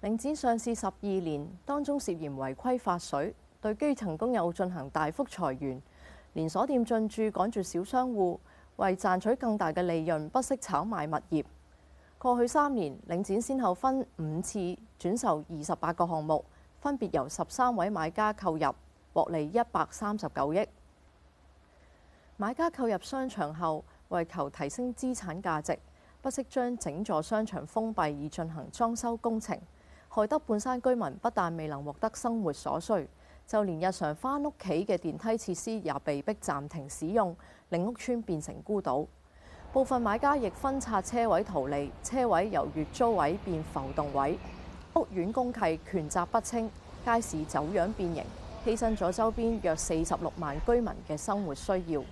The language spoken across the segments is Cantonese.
領展上市十二年，當中涉嫌違規發水，對基層工友進行大幅裁員。連鎖店進駐趕住小商戶，為賺取更大嘅利潤，不惜炒賣物業。過去三年，領展先後分五次轉售二十八個項目，分別由十三位買家購入，獲利一百三十九億。買家購入商場後，為求提升資產價值，不惜將整座商場封閉以進行裝修工程。害得半山居民不但未能獲得生活所需，就連日常翻屋企嘅電梯設施也被迫暫停使用，令屋邨變成孤島。部分買家亦分拆車位逃離，車位由月租位變浮動位，屋苑公契權責不清，街市走樣變形，犧牲咗周邊約四十六萬居民嘅生活需要。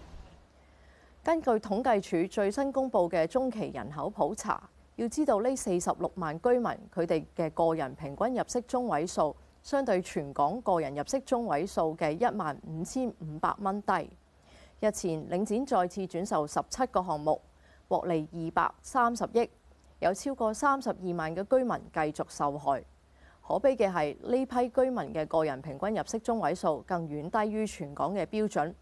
根據統計處最新公布嘅中期人口普查。要知道呢四十六萬居民，佢哋嘅個人平均入息中位數相對全港個人入息中位數嘅一萬五千五百蚊低。日前領展再次轉售十七個項目，獲利二百三十億，有超過三十二萬嘅居民繼續受害。可悲嘅係呢批居民嘅個人平均入息中位數更遠低於全港嘅標準，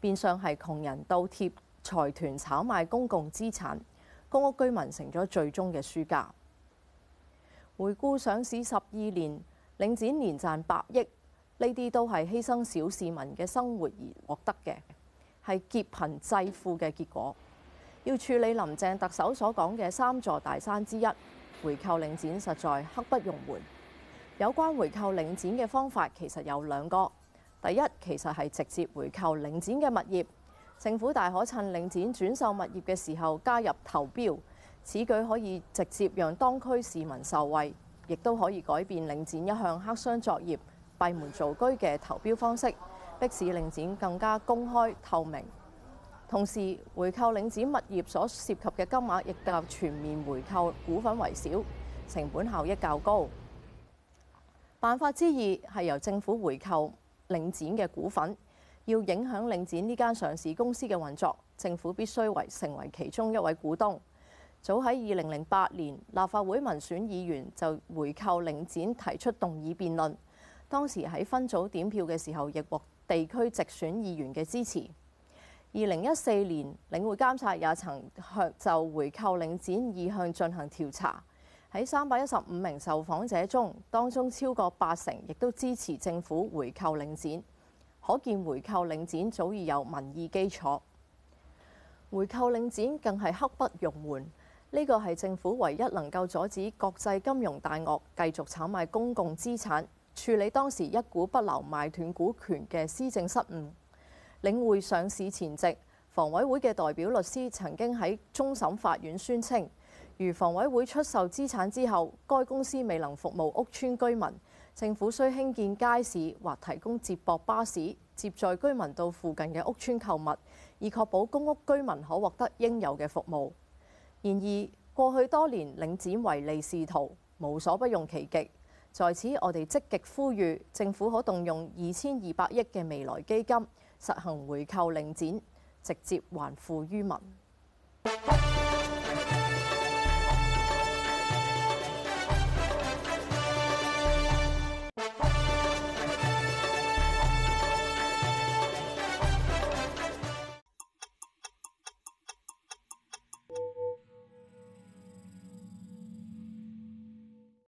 變相係窮人倒貼財團炒賣公共資產。公屋居民成咗最終嘅輸家。回顧上市十二年，領展年賺百億，呢啲都係犧牲小市民嘅生活而獲得嘅，係劫貧濟富嘅結果。要處理林鄭特首所講嘅三座大山之一，回購領展實在刻不容緩。有關回購領展嘅方法其實有兩個，第一，其實係直接回購領展嘅物業。政府大可趁領展轉售物業嘅時候加入投標，此舉可以直接讓當區市民受惠，亦都可以改變領展一向黑箱作業、閉門造車嘅投標方式，迫使領展更加公開透明。同時，回購領展物業所涉及嘅金額亦較全面回購股份為少，成本效益較高。辦法之二係由政府回購領展嘅股份。要影響領展呢間上市公司嘅運作，政府必須為成為其中一位股東。早喺二零零八年，立法會民選議員就回購領展提出動議辯論，當時喺分組點票嘅時候，亦獲地區直選議員嘅支持。二零一四年，領匯監察也曾向就回購領展意向進行調查，喺三百一十五名受訪者中，當中超過八成亦都支持政府回購領展。可見回購領展早已有民意基礎，回購領展更係刻不容緩。呢個係政府唯一能夠阻止國際金融大鱷繼續炒賣公共資產、處理當時一股不留賣斷股權嘅施政失誤。領匯上市前夕，房委會嘅代表律師曾經喺終審法院宣稱，如房委會出售資產之後，該公司未能服務屋村居民。政府需興建街市或提供接駁巴士，接載居民到附近嘅屋村購物，以確保公屋居民可獲得應有嘅服務。然而，過去多年領展唯利是圖，無所不用其極。在此，我哋積極呼籲政府可動用二千二百億嘅未來基金，實行回購領展，直接還富於民。